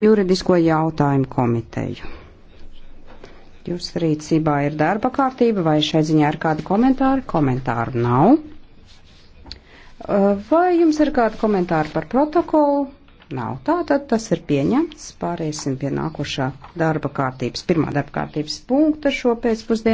juridisko jautājumu komiteju. Jūsu rīcībā ir darba kārtība, vai šai ziņā ir kādi komentāri? Komentāru nav. Uh, vai jums ir kādi komentāri par protokolu? Nav. Tātad tas ir pieņemts. Pāriesim pie nākošā darba kārtības, pirmā darba kārtības punkta šo pēcpusdienu.